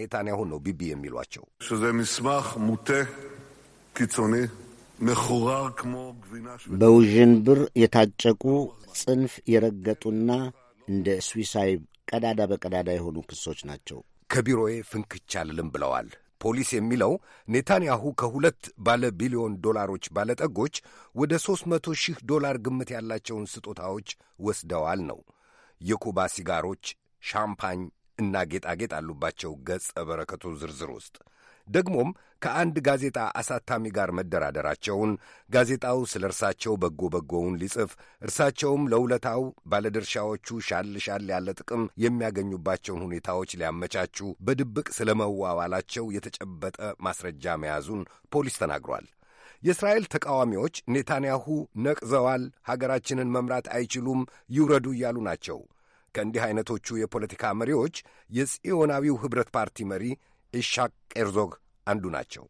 ኔታንያሁ ነው ቢቢ የሚሏቸው። በውዥንብር የታጨቁ ጽንፍ የረገጡና እንደ ስዊሳይ ቀዳዳ በቀዳዳ የሆኑ ክሶች ናቸው። ከቢሮዬ ፍንክች አልልም ብለዋል። ፖሊስ የሚለው ኔታንያሁ ከሁለት ባለ ቢሊዮን ዶላሮች ባለጠጎች ወደ ሦስት መቶ ሺህ ዶላር ግምት ያላቸውን ስጦታዎች ወስደዋል ነው። የኩባ ሲጋሮች፣ ሻምፓኝ እና ጌጣጌጥ አሉባቸው ገጸ በረከቱ ዝርዝር ውስጥ ደግሞም ከአንድ ጋዜጣ አሳታሚ ጋር መደራደራቸውን ጋዜጣው ስለ እርሳቸው በጎ በጎውን ሊጽፍ እርሳቸውም ለውለታው ባለድርሻዎቹ ሻል ሻል ያለ ጥቅም የሚያገኙባቸውን ሁኔታዎች ሊያመቻቹ በድብቅ ስለ መዋዋላቸው የተጨበጠ ማስረጃ መያዙን ፖሊስ ተናግሯል። የእስራኤል ተቃዋሚዎች ኔታንያሁ ነቅዘዋል፣ ሀገራችንን መምራት አይችሉም፣ ይውረዱ እያሉ ናቸው። ከእንዲህ አይነቶቹ የፖለቲካ መሪዎች የጽዮናዊው ኅብረት ፓርቲ መሪ ኢሻቅ ኤርዞግ አንዱ ናቸው።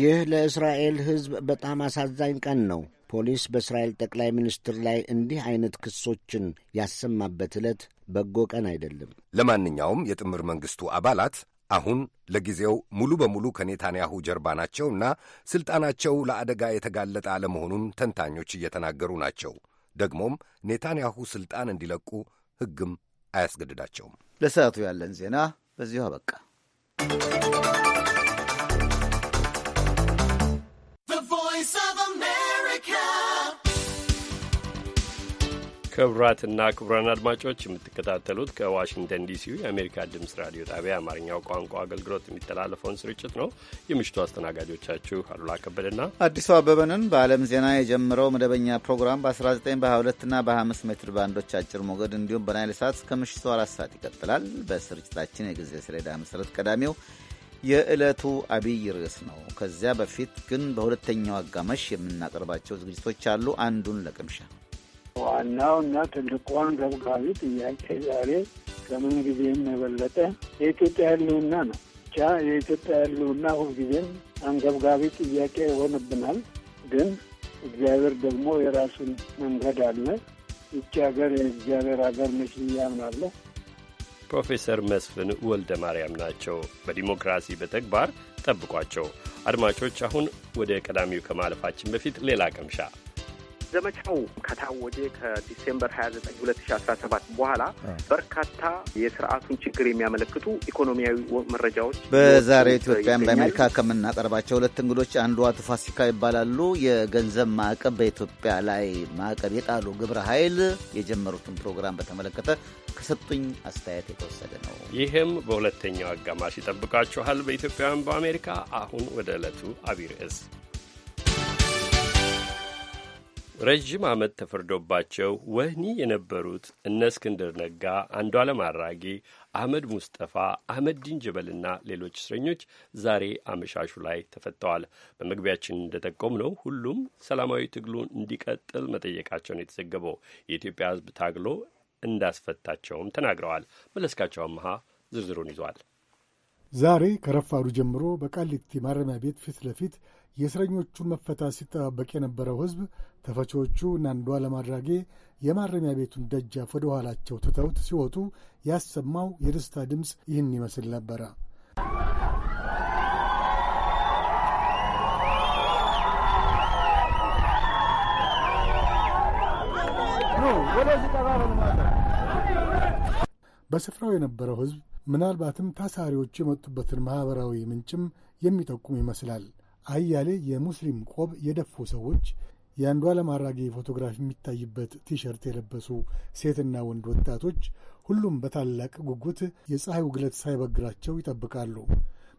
ይህ ለእስራኤል ሕዝብ በጣም አሳዛኝ ቀን ነው። ፖሊስ በእስራኤል ጠቅላይ ሚኒስትር ላይ እንዲህ አይነት ክሶችን ያሰማበት ዕለት በጎ ቀን አይደለም። ለማንኛውም የጥምር መንግሥቱ አባላት አሁን ለጊዜው ሙሉ በሙሉ ከኔታንያሁ ጀርባ ናቸውና ሥልጣናቸው ለአደጋ የተጋለጠ አለመሆኑን ተንታኞች እየተናገሩ ናቸው። ደግሞም ኔታንያሁ ሥልጣን እንዲለቁ ሕግም አያስገድዳቸውም። ለሰዓቱ ያለን ዜና በዚሁ አበቃ። ክቡራትና ክቡራን አድማጮች የምትከታተሉት ከዋሽንግተን ዲሲ የአሜሪካ ድምፅ ራዲዮ ጣቢያ አማርኛው ቋንቋ አገልግሎት የሚተላለፈውን ስርጭት ነው። የምሽቱ አስተናጋጆቻችሁ አሉላ ከበደና አዲሱ አበበንን በዓለም ዜና የጀመረው መደበኛ ፕሮግራም በ19 በ22ና በ25 ሜትር ባንዶች አጭር ሞገድ እንዲሁም በናይል ሰዓት እስከ ምሽቱ አራት ሰዓት ይቀጥላል። በስርጭታችን የጊዜ ሰሌዳ መሰረት ቀዳሚው የዕለቱ አብይ ርዕስ ነው። ከዚያ በፊት ግን በሁለተኛው አጋማሽ የምናቀርባቸው ዝግጅቶች አሉ። አንዱን ለቅምሻ ዋናው እና ትልቁ አንገብጋቢ ጥያቄ ዛሬ ከምን ጊዜም የበለጠ የኢትዮጵያ ህልውና ነው። ብቻ የኢትዮጵያ ሕልውና ሁልጊዜም አንገብጋቢ ጥያቄ ይሆንብናል። ግን እግዚአብሔር ደግሞ የራሱን መንገድ አለ። ይቺ ሀገር የእግዚአብሔር ሀገር ነች ብያምናለሁ። ፕሮፌሰር መስፍን ወልደ ማርያም ናቸው። በዲሞክራሲ በተግባር ጠብቋቸው። አድማጮች፣ አሁን ወደ ቀዳሚው ከማለፋችን በፊት ሌላ ቅምሻ ዘመቻው ከታወጀ ከዲሴምበር 29 2017 በኋላ በርካታ የስርዓቱን ችግር የሚያመለክቱ ኢኮኖሚያዊ መረጃዎች በዛሬ ኢትዮጵያን በአሜሪካ ከምናቀርባቸው ሁለት እንግዶች አንዱ አቶ ፋሲካ ይባላሉ። የገንዘብ ማዕቀብ በኢትዮጵያ ላይ ማዕቀብ የጣሉ ግብረ ኃይል የጀመሩትን ፕሮግራም በተመለከተ ከሰጡኝ አስተያየት የተወሰደ ነው። ይህም በሁለተኛው አጋማሽ ይጠብቃችኋል። በኢትዮጵያውያን በአሜሪካ አሁን ወደ ዕለቱ አቢይ ርዕስ ረዥም ዓመት ተፈርዶባቸው ወህኒ የነበሩት እነ እስክንድር ነጋ፣ አንዱዓለም አራጌ፣ አህመድ ሙስጠፋ፣ አህመድ ዲን ጀበልና ሌሎች እስረኞች ዛሬ አመሻሹ ላይ ተፈተዋል። በመግቢያችን እንደጠቆም ነው ሁሉም ሰላማዊ ትግሉ እንዲቀጥል መጠየቃቸውን የተዘገበው የኢትዮጵያ ሕዝብ ታግሎ እንዳስፈታቸውም ተናግረዋል። መለስካቸው አመሃ ዝርዝሩን ይዟል። ዛሬ ከረፋዱ ጀምሮ በቃሊቲ ማረሚያ ቤት ፊት ለፊት የእስረኞቹን መፈታት ሲጠባበቅ የነበረው ሕዝብ ተፈቾቹ እነ አንዱዓለም አራጌ የማረሚያ ቤቱን ደጃፍ ወደ ኋላቸው ትተውት ሲወጡ ያሰማው የደስታ ድምፅ ይህን ይመስል ነበረ። በስፍራው የነበረው ሕዝብ ምናልባትም ታሳሪዎቹ የመጡበትን ማኅበራዊ ምንጭም የሚጠቁም ይመስላል። አያሌ የሙስሊም ቆብ የደፉ ሰዎች፣ የአንዷለም አራጌ ፎቶግራፍ የሚታይበት ቲሸርት የለበሱ ሴትና ወንድ ወጣቶች፣ ሁሉም በታላቅ ጉጉት የፀሐዩ ግለት ሳይበግራቸው ይጠብቃሉ።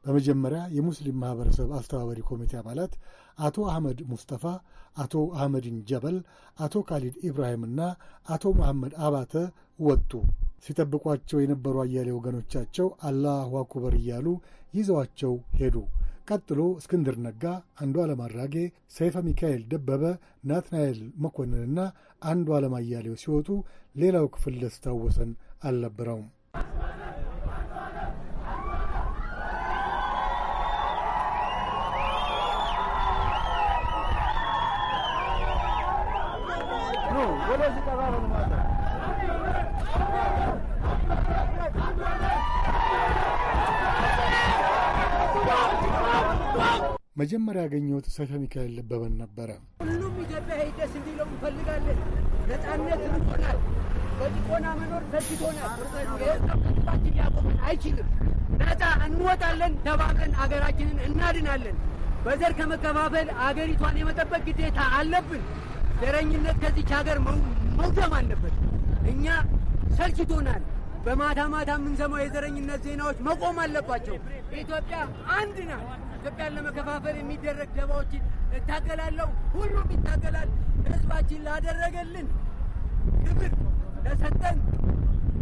በመጀመሪያ የሙስሊም ማህበረሰብ አስተባባሪ ኮሚቴ አባላት አቶ አህመድ ሙስጠፋ፣ አቶ አህመድን ጀበል፣ አቶ ካሊድ ኢብራሂምና አቶ መሐመድ አባተ ወጡ። ሲጠብቋቸው የነበሩ አያሌ ወገኖቻቸው አላሁ አኩበር እያሉ ይዘዋቸው ሄዱ። ቀጥሎ እስክንድር ነጋ፣ አንዱ አራጌ፣ ሰይፈ ሚካኤል ደበበ፣ ናትናኤል መኮንንና አንዱ አንዱዓለም አያሌው ሲወጡ ሌላው ክፍል ደስታው ወሰን አልነበረውም። ወደዚህ ጠጋ ነው ማለት መጀመሪያ ያገኘሁት ሰይፈ ሚካኤል ልበበን ነበረ። ሁሉም ኢትዮጵያ ሄ ሂደስ እንዲለው እንፈልጋለን። ነጻነት ርቆናል። በጭቆና መኖር ተችቶናል። ባችን አይችልም። ነጻ እንወጣለን። ተባቀን አገራችንን እናድናለን። በዘር ከመከፋፈል አገሪቷን የመጠበቅ ግዴታ አለብን። ዘረኝነት ከዚች ሀገር መውደም አለበት። እኛ ሰልችቶናል። በማታ ማታ የምንሰማው የዘረኝነት ዜናዎች መቆም አለባቸው። ኢትዮጵያ አንድ ናት። ኢትዮጵያን ለመከፋፈል የሚደረግ ደባዎችን እታገላለሁ። ሁሉም ይታገላል። ህዝባችን ላደረገልን ክብር ለሰጠን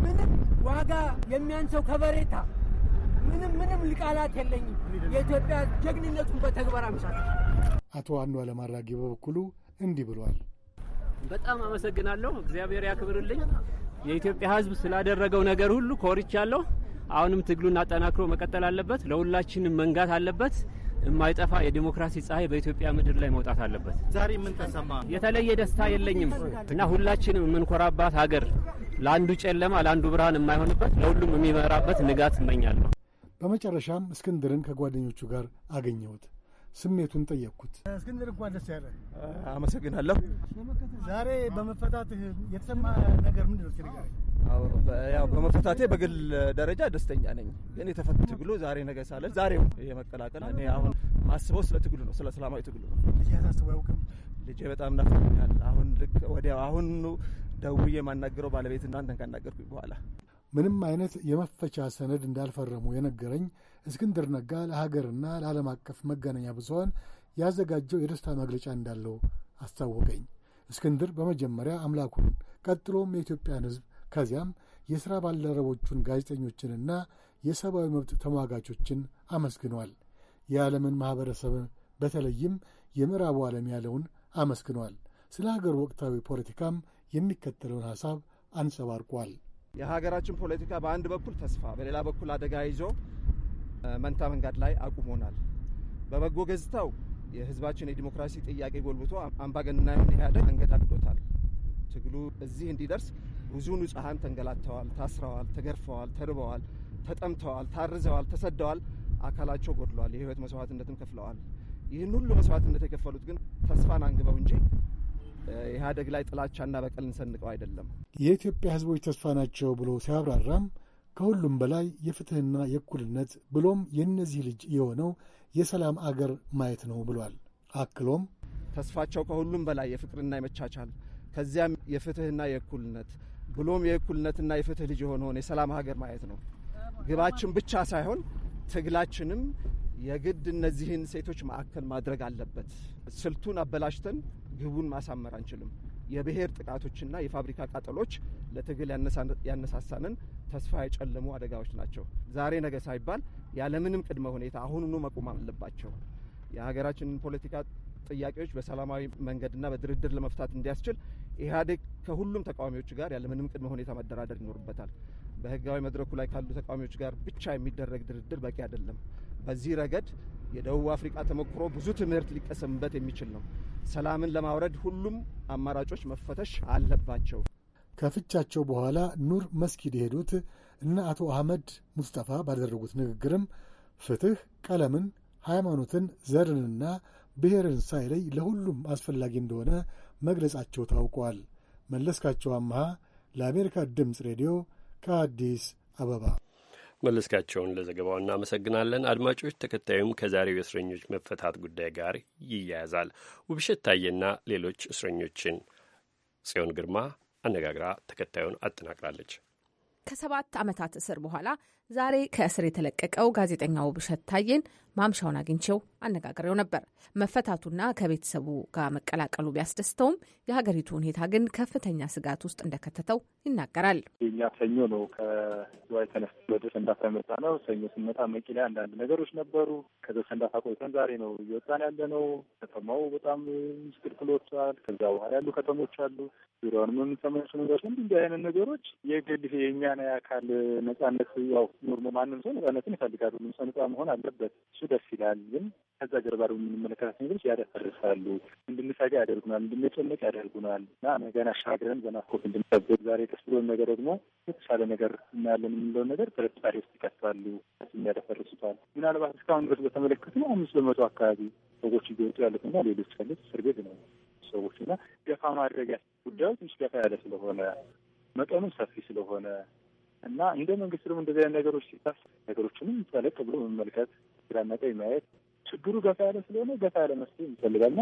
ምንም ዋጋ የሚያንሰው ከበሬታ ምንም ምንም ቃላት የለኝም። የኢትዮጵያ ጀግንነቱን በተግባር አምሳል። አቶ አንዱ አለም በበኩሉ እንዲህ ብሏል። በጣም አመሰግናለሁ። እግዚአብሔር ያክብርልኝ። የኢትዮጵያ ሕዝብ ስላደረገው ነገር ሁሉ ኮርቻለሁ። አሁንም ትግሉን አጠናክሮ መቀጠል አለበት። ለሁላችንም መንጋት አለበት። የማይጠፋ የዲሞክራሲ ፀሐይ በኢትዮጵያ ምድር ላይ መውጣት አለበት። ዛሬ ምን ተሰማ? የተለየ ደስታ የለኝም እና ሁላችንም የምንኮራባት ሀገር ለአንዱ ጨለማ ለአንዱ ብርሃን የማይሆንበት ለሁሉም የሚመራበት ንጋት እመኛለሁ። በመጨረሻም እስክንድርን ከጓደኞቹ ጋር አገኘሁት። ስሜቱን ጠየቅኩት። እስክንድር እንኳን ደስ ያለ። አመሰግናለሁ። ዛሬ በመፈታትህ የተሰማ ነገር ምንድን ሲነገር ያው በመፈታቴ በግል ደረጃ ደስተኛ ነኝ። ግን የተፈቱ ትግሉ ዛሬ ነገ ሳለ ዛሬው የመቀላቀል እኔ አሁን ማስበው ስለ ትግሉ ነው፣ ስለ ሰላማዊ ትግሉ ነው። ልጄ በጣም ናፍቆኛል። አሁን ልክ ወዲያው አሁኑ ደውዬ የማናገረው ባለቤት እናንተን ካናገርኩኝ በኋላ ምንም አይነት የመፈቻ ሰነድ እንዳልፈረሙ የነገረኝ እስክንድር ነጋ ለሀገርና ለዓለም አቀፍ መገናኛ ብዙሀን ያዘጋጀው የደስታ መግለጫ እንዳለው አስታወቀኝ። እስክንድር በመጀመሪያ አምላኩን፣ ቀጥሎም የኢትዮጵያን ሕዝብ ከዚያም የሥራ ባልደረቦቹን ጋዜጠኞችንና የሰብአዊ መብት ተሟጋቾችን አመስግኗል። የዓለምን ማኅበረሰብ በተለይም የምዕራቡ ዓለም ያለውን አመስግኗል። ስለ ሀገር ወቅታዊ ፖለቲካም የሚከተለውን ሐሳብ አንጸባርቋል። የሀገራችን ፖለቲካ በአንድ በኩል ተስፋ፣ በሌላ በኩል አደጋ ይዞ መንታ መንገድ ላይ አቁሞናል። በበጎ ገጽታው የህዝባችን የዲሞክራሲ ጥያቄ ጎልብቶ አምባገነናዊን ኢህአዴግ አንገዳግዶታል። ትግሉ እዚህ እንዲደርስ ብዙ ንጹሐን ተንገላተዋል፣ ታስረዋል፣ ተገርፈዋል፣ ተርበዋል፣ ተጠምተዋል፣ ታርዘዋል፣ ተሰደዋል፣ አካላቸው ጎድለዋል፣ የህይወት መስዋዕትነትም ከፍለዋል። ይህን ሁሉ መስዋዕትነት የከፈሉት ግን ተስፋን አንግበው እንጂ ኢህአደግ ላይ ጥላቻና በቀል እንሰንቀው አይደለም። የኢትዮጵያ ህዝቦች ተስፋ ናቸው ብሎ ሲያብራራም ከሁሉም በላይ የፍትህና የእኩልነት ብሎም የእነዚህ ልጅ የሆነው የሰላም አገር ማየት ነው ብሏል። አክሎም ተስፋቸው ከሁሉም በላይ የፍቅርና የመቻቻል ከዚያም የፍትህና የእኩልነት ብሎም የእኩልነትና የፍትህ ልጅ የሆነውን የሰላም ሀገር ማየት ነው። ግባችን ብቻ ሳይሆን ትግላችንም የግድ እነዚህን ሴቶች ማዕከል ማድረግ አለበት። ስልቱን አበላሽተን ግቡን ማሳመር አንችልም። የብሔር ጥቃቶችና የፋብሪካ ቃጠሎች ለትግል ያነሳሳንን ተስፋ የጨለሙ አደጋዎች ናቸው። ዛሬ ነገ ሳይባል ያለምንም ቅድመ ሁኔታ አሁኑኑ መቆም አለባቸው። የሀገራችንን ፖለቲካ ጥያቄዎች በሰላማዊ መንገድና በድርድር ለመፍታት እንዲያስችል ኢህአዴግ ከሁሉም ተቃዋሚዎች ጋር ያለምንም ቅድመ ሁኔታ መደራደር ይኖርበታል። በህጋዊ መድረኩ ላይ ካሉ ተቃዋሚዎች ጋር ብቻ የሚደረግ ድርድር በቂ አይደለም። በዚህ ረገድ የደቡብ አፍሪካ ተሞክሮ ብዙ ትምህርት ሊቀሰምበት የሚችል ነው። ሰላምን ለማውረድ ሁሉም አማራጮች መፈተሽ አለባቸው። ከፍቻቸው በኋላ ኑር መስጊድ የሄዱት እነ አቶ አህመድ ሙስጠፋ ባደረጉት ንግግርም ፍትህ ቀለምን፣ ሃይማኖትን፣ ዘርንና ብሔርን ሳይለይ ለሁሉም አስፈላጊ እንደሆነ መግለጻቸው ታውቋል። መለስካቸው አምሃ ለአሜሪካ ድምፅ ሬዲዮ ከአዲስ አበባ መለስካቸውን ለዘገባው እናመሰግናለን። አድማጮች፣ ተከታዩም ከዛሬው የእስረኞች መፈታት ጉዳይ ጋር ይያያዛል። ውብሸት ታየና ሌሎች እስረኞችን ጽዮን ግርማ አነጋግራ ተከታዩን አጠናቅራለች። ከሰባት ዓመታት እስር በኋላ ዛሬ ከእስር የተለቀቀው ጋዜጠኛው ውብሸት ታዬን ማምሻውን አግኝቼው አነጋግሬው ነበር። መፈታቱና ከቤተሰቡ ጋር መቀላቀሉ ቢያስደስተውም የሀገሪቱ ሁኔታ ግን ከፍተኛ ስጋት ውስጥ እንደከተተው ይናገራል። የኛ ሰኞ ነው ከዝዋይ ተነስ ወደ ሰንዳፋ የመጣ ነው። ሰኞ ስንመጣ መቂላ አንዳንድ ነገሮች ነበሩ። ከዚ ሰንዳፋ ቆይተን ዛሬ ነው እየወጣን ያለ ነው። ከተማው በጣም ምስቅልቅሎቷል። ከዛ በኋላ ያሉ ከተሞች አሉ። ዙሪያውን የምንሰማቸው ነገሮች እንዲ አይነት ነገሮች የግል የእኛን የአካል ነጻነት ያው ኖርሞ ማንም ሰው ነጻነትን ይፈልጋሉ። ሁሉም ሰው ነጻ መሆን አለበት። እሱ ደስ ይላል። ግን ከዛ ጀርባ ደግሞ የምንመለከታቸው ነገሮች ያደፈርሳሉ፣ እንድንሰጋ ያደርጉናል፣ እንድንጨነቅ ያደርጉናል እና ነገን አሻግረን በናፍቆት እንድንጠብቅ ዛሬ ቀስ ብሎን ነገር ደግሞ የተሻለ ነገር እናያለን የምንለውን ነገር ጥርጣሬ ውስጥ ይቀጥላሉ፣ ያደፈርሱታል። ምናልባት እስካሁን ድረስ በተመለከቱ አምስት በመቶ አካባቢ ሰዎች እየወጡ ያሉትና ሌሎች ያሉት እስር ቤት ነው ሰዎች እና ገፋ ማድረግ ጉዳዩ ትንሽ ገፋ ያለ ስለሆነ መጠኑም ሰፊ ስለሆነ እና እንደ መንግስት ደግሞ እንደዚህ አይነት ነገሮች ሲታስ ነገሮችንም ጠለቅ ብሎ መመልከት ግራና ቀኝ ማየት ችግሩ ገፋ ያለ ስለሆነ ገፋ ያለ መፍትሄ ይፈልጋልና